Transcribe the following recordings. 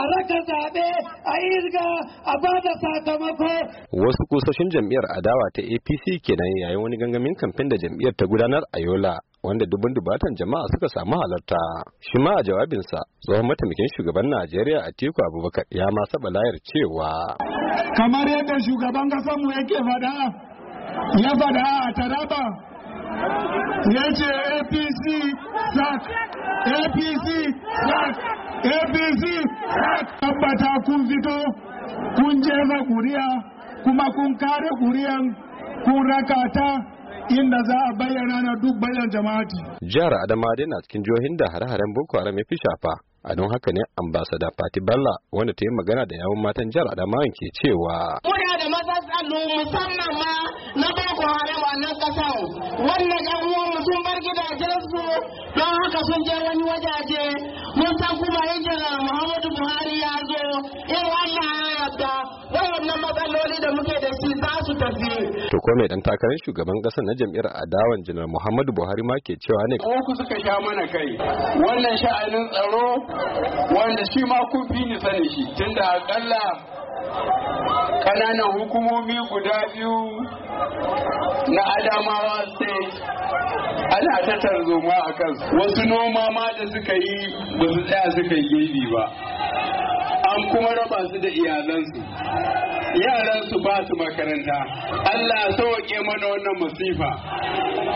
a raka zaɓe a irga a ba da sakamako. Wasu kusoshin jam'iyyar adawa ta APC kenan yayin wani gangamin kamfen da jam'iyyar ta gudanar a Yola. wanda dubun dubatan jama'a suka samu halarta shi ma a jawabinsa tsohon mataimakin shugaban najeriya a atiku abubakar ya ma saba layar cewa kamar yadda shugaban mu yake fada ya fada a taraba ya apc sa, apc sa apc tabbata kun fito kun jefa kuriya kuma kun kare kuriyan kun rakata inda za a bayyana na duk bayan jama'ati. Jihar Adama dai na cikin jihohin da hare-haren Boko Haram ya fi shafa. A don haka ne ambasada Fati Balla wanda ta yi magana da yawun matan jihar Adama ke cewa. Muna da matsatsalu musamman ma na Boko Haram a nan kasan. Wannan don haka sun je wani wajaje mun san kuma yin jiran muhammadu buhari ya zo in allah ya yarda wannan matsaloli da muke da shi za su tafi. to ko mai dan takarar shugaban kasar na jam'iyyar adawan janar muhammadu buhari ma ke cewa ne. ku suka sha mana kai wannan sha'anin tsaro wanda shi ma kun fi ni sani shi tunda akalla ƙananan hukumomi guda biyu na adamawa sai ana ta tarzoma a kansu wasu noma ma da suka yi ba su tsaya suka yi girbi ba an kuma raba su da iyalansu yaransu ba su makaranta allah sauke mana wannan masifa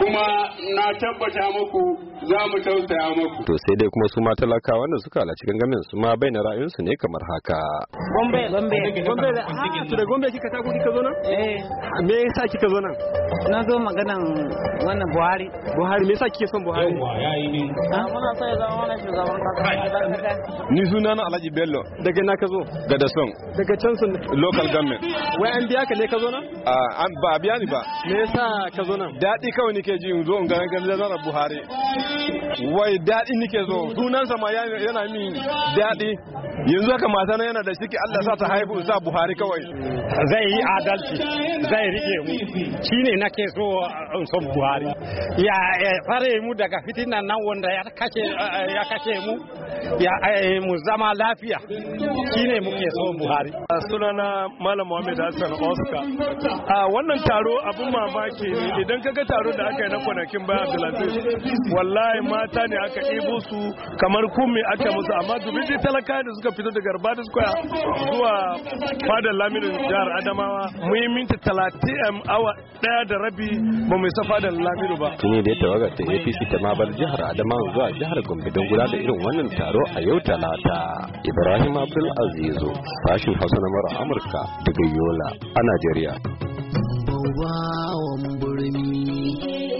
kuma na tabbata muku za mu tausaya muku. To sai dai kuma su ma talaka wanda suka halarci gangamin su ma bayyana ra'ayinsu ne kamar haka. Gombe, gombe, gombe da ha ah, to da gombe kika ta tako kika zo nan? Eh. Me yasa kika zo nan? Na zo maganan wannan Buhari. Buhari me yasa kike son Buhari? Yawwa yayi ne. Ah muna so ya zama wannan shugaban kasa. Ni suna na Alhaji Bello. Daga na ka zo? Daga son. Daga can sun local government. Wai an biya ka ne ka zo nan? Ah ba biya ni ba. Me yasa ka zo nan? Dadi kawai nike ji in zo in ga ganin Buhari. wai daɗi nike zo sunansa ma yana min daɗi yanzu haka mata na yana da ciki Allah sa ta haifu sa Buhari kawai zai yi adalci zai rike mu shine nake so uh, in son Buhari ya fare mu daga fitinan nan wanda ya kashe uh, ya kace mu ya eh, mu zama lafiya shine muke so Buhari uh, sunana Malam Muhammad Hassan Oscar a wannan taro abin mamaki ne idan kaga taro da aka yi na kwanakin baya Abdulaziz wallahi wallahi mata ne aka ɗebo su kamar kumi aka musu amma dubin ji talaka da suka fito daga da Square zuwa fadar laminin jihar Adamawa mu minti talatin awa ɗaya da rabi ba mu isa fadar laminu ba. Tuni da ya tawaga ta APC ta ma bar jihar Adamawa zuwa jihar Gombe don gudanar da irin wannan taro a yau talata. Ibrahim Abdul Azizu sashin Hausa na mara Amurka daga Yola a Najeriya. birni.